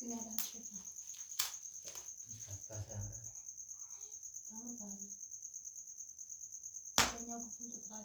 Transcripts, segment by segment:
Tamam bari. Ben yakupunu da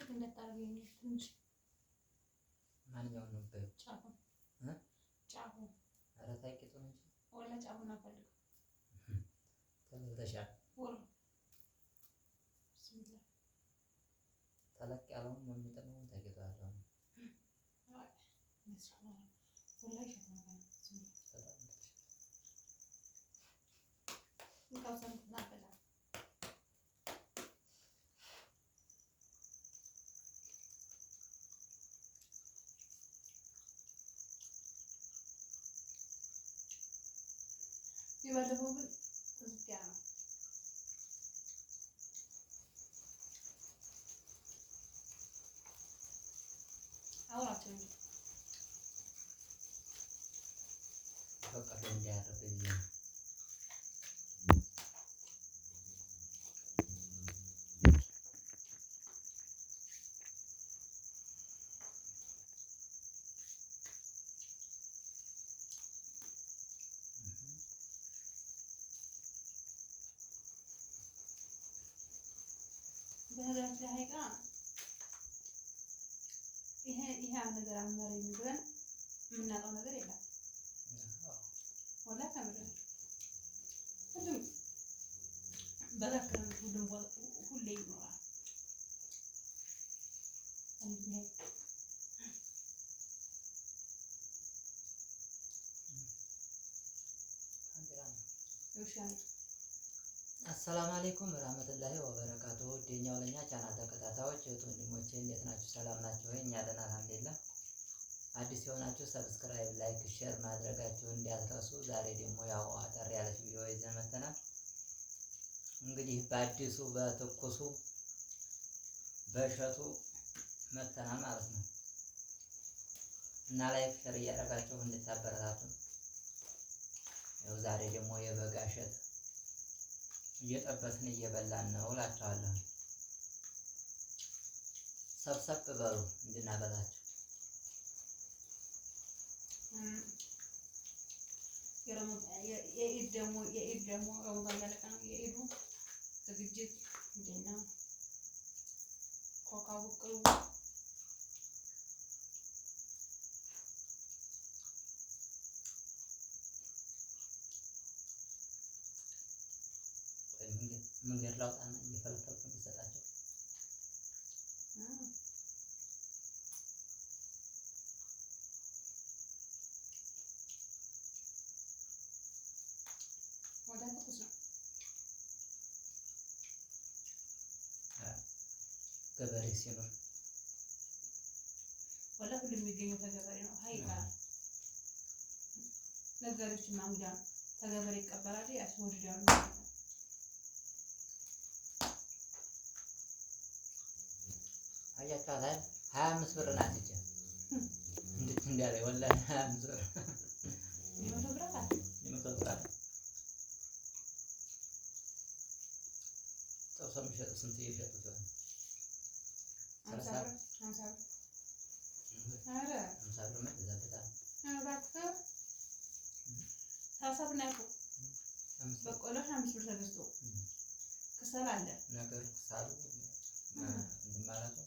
ትልቅ እንዳታደርገው እንጂ ትንሽ ማንኛውን ነው ጫፉን ጫፉን ኧረ ተይ ቂጡን እንጂ ወላ ጫፉን አልፈልግም። ተመልተሻል። ተለቅ ያለውን ነው የሚጠቅመው። ተጌጦ ነው ये वाला होगा ላይ ደቂቃ ይሄ ይሄ ነገር አመረ የሚብለን የምናውቀው ነገር የለም። ወላ ከምድር ሁሉም በዛክረም ሁሉም ሁሌ ይኖራል። አሰላም አሌይኩም ረህመቱላሂ ወበረካቱ። የኛው ለኛ ቻናል ተከታታዮች እህት ወንድሞቼ እንዴት ናችሁ? ሰላም ናችሁ ወይ? እኛ ደህና አልሐምዱሊላህ። አዲስ የሆናችሁ ሰብስክራይብ፣ ላይክ፣ ሼር ማድረጋችሁ እንዳትረሱ። ዛሬ ደግሞ ያው አጠር ያለች ቪዲዮ ይዘን መተናል። እንግዲህ በአዲሱ በትኩሱ በእሸቱ መተናል ማለት ነው እና ላይክ ሼር እያደረጋችሁ እንድታበረታቱ ያው ዛሬ ደግሞ የበጋ እሸት እየጠበስን እየበላን ነው እላቸዋለሁ። ሰብሰብ በሉ እንድናበላቸው። የኢድ ደግሞ የኢድ ደግሞ ረመዳን ያለቀ ነው። የኢዱ ዝግጅት እንዴት ነው? ኮካ መንገድ ላውጣና እየፈለፈልኩ እንዲሰጣቸው ገበሬ ሲኖር ወላ ሁሉ የሚገኘው ተገበሬ ነው። ሀይቃ ነጋዴዎችማ እንግዳ ተገበሬ ይቀበላል ያስወድዳሉ። አያችኋታል። ሀያ አምስት ብር ናት እጃ እንዴት እንዳለ ወላሂ ሀያ አምስት ብር ጥብስ ብር ሀምሳ ብር ነው ያልኩህ። በቆሎ አምስት ብር ተገዝቶ ክሰል አለ ነገሩ ክሰሉ እንድማለት ነው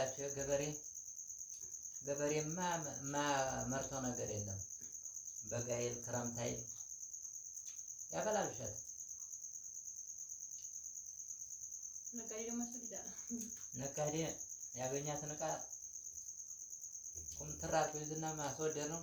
ብላችሁ የገበሬ ገበሬማ ማመርተው ነገር የለም። በጋይል ክረምት አይል ያበላል እሸት ነጋዴ ያገኛትን እቃ ቁምትር አድርጎ ይዝና ማስወደድ ነው።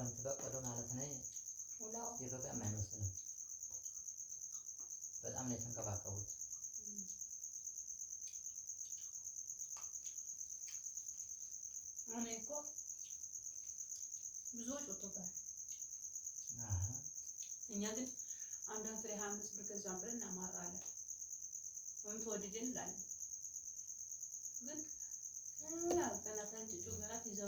የምትበቅሉ ማለት ነው። የበጋ አይመስልም። በጣም ነው የተንከባከቡት። እኔ እኮ ብዙዎች ወጥቶታል። እኛ ግን አንዳንድ ፍሬ ሀያ አምስት ብር ገዛን ብለን እናማራለን ወይም ተወድጄ እንላለን ግን ገና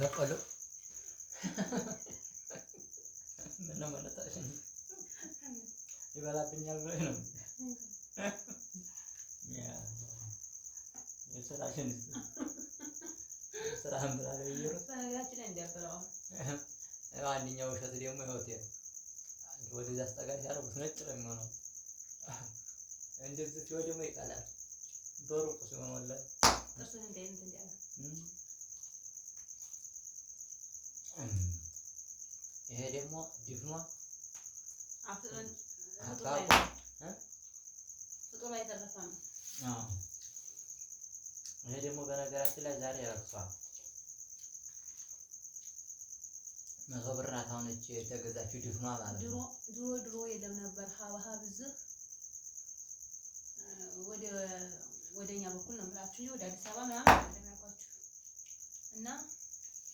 በቆሎ ምነው መለጣሽ ይበላብኛል ብለሽ ነው? የስራሽን ስራህን ብላ ለየሩ አንደኛው ውሸት ደግሞ ህይወቴ ወደዚያ አስጠጋሽ ያደረጉት ነጭ ነው የሚሆነው። እንደዚህ ሲሆን ደግሞ ይቀላል በሩቁ ሲሆን ወላሂ ይሄ ደግሞ ድፍኗ ይሄ ደግሞ በነገራችን ላይ ዛሬ ረክሷል። መቶ ብር ናት አሁን እች የተገዛችው ድፍኗ ማለት ነው። ድሮ ድሮ የለም ነበር ሀብሀብ ብዝህ ወደ እኛ በኩል ነው የምላችሁ ወደ አዲስ አበባ ምናምን እና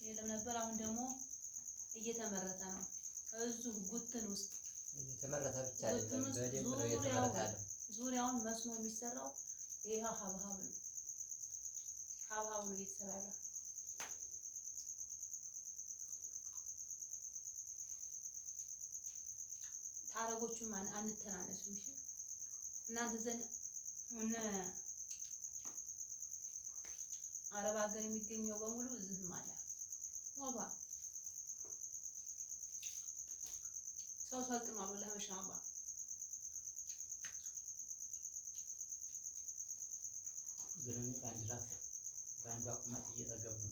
የለም ነበር አሁን ደግሞ እየተመረተ ነው። እዚሁ ጉትን ውስጥ እየተመረተ ብቻ አይደለም፣ ዙሪያውን መስኖ የሚሰራው ይሄ ሀብሀብ ነው። ሀብሀብ ነው እየተሰራ ያለው። ታረጎቹም አንተናነሱም። እሺ እናንተ ዘንድ እነ አረብ ሀገር የሚገኘው በሙሉ እዚህም አለ ወባ ሰው ሰልጥኖ አሁን ለመሻ ግን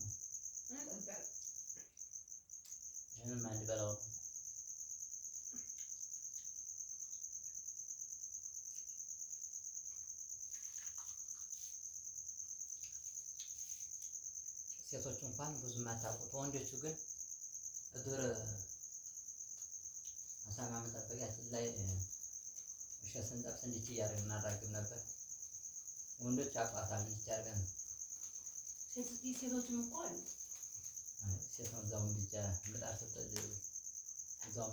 ነው። ምንም አንድ በላው ሴቶች እንኳን ብዙ አታውቁት፣ ወንዶቹ ግን እድር አሳማ መጠበቂያችን ላይ ውሸት ስንጠብስ እንዲች እያደረግን እናራግብ ነበር። ወንዶች አቋታል እንዲች አድርገን ሴቶችም እኮ አሉ። ሴቶች እዛው እንዲጃ ምጣድ ስትጠጅ እዛው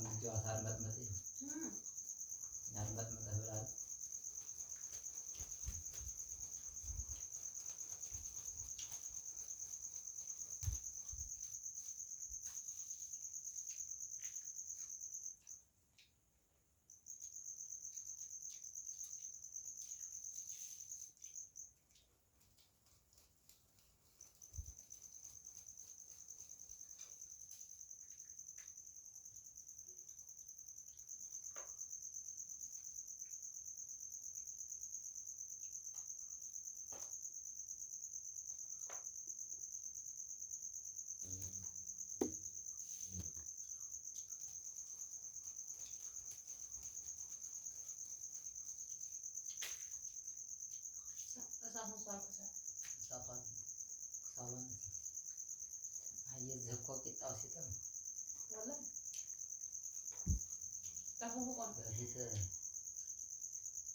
በፊት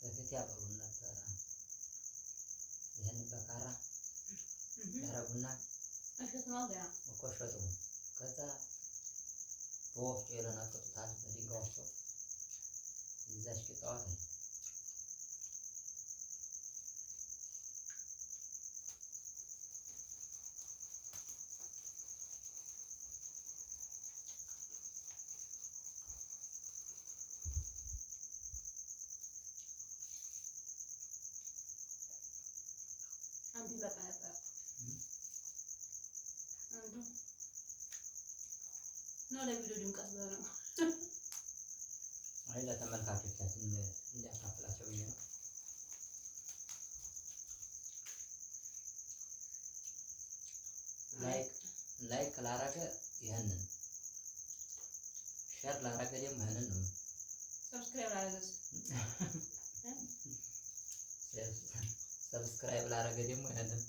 በፊት ያበሉን ነበረ። ይህን በካራ ያረጉና ኮሸጡ። ከዛ በወፍጮ የለናቅጡታል በድንጋይ ወፍጮ ይዛሽ ቂጣዋት ለቪዲዮ ድምቀት ነው። አይ ለተመልካቾቻችን እንዲያካፍላቸው ብዬ ነው። ላይክ ላይክ ላረገ ይህንን ሸር ላረገ ደግሞ ይህንን ነው። ሰብስክራይብ ላረገስ ሰብስክራይብ ላረገ ደግሞ ይህንን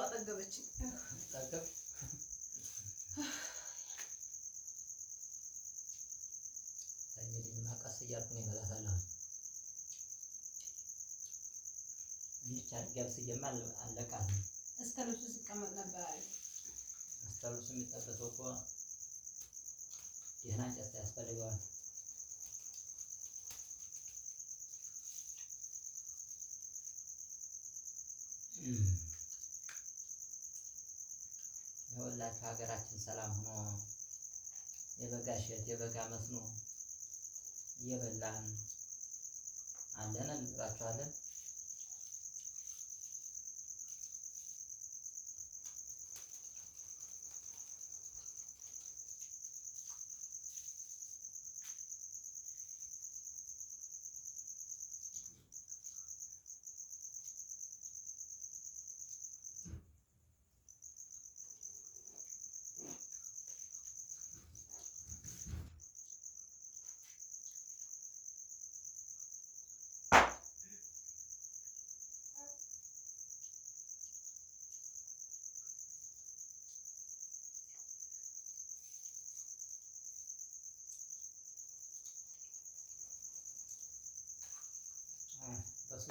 አጠገበችኝ። ቀስ እያልኩ ነው እበላታለሁ። እንዲች እስከ ልብሱ ሲቀመጥ ነበር እስከ ልብሱ የሚጠበሰው እኮ ደህና እንጨት ያስፈልገዋል። የወላችሁ ሀገራችን ሰላም ሆኖ የበጋ እሸት የበጋ መስኖ እየበላን አለን እንጥራችኋለን። ይመስላል እንግዲህ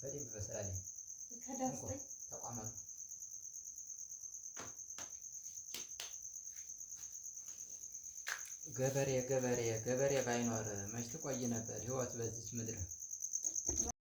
በደንብ በስራ ላይ ገበሬ ገበሬ ገበሬ ባይኖር መች ትቆይ ነበር ህይወት በዚች ምድር።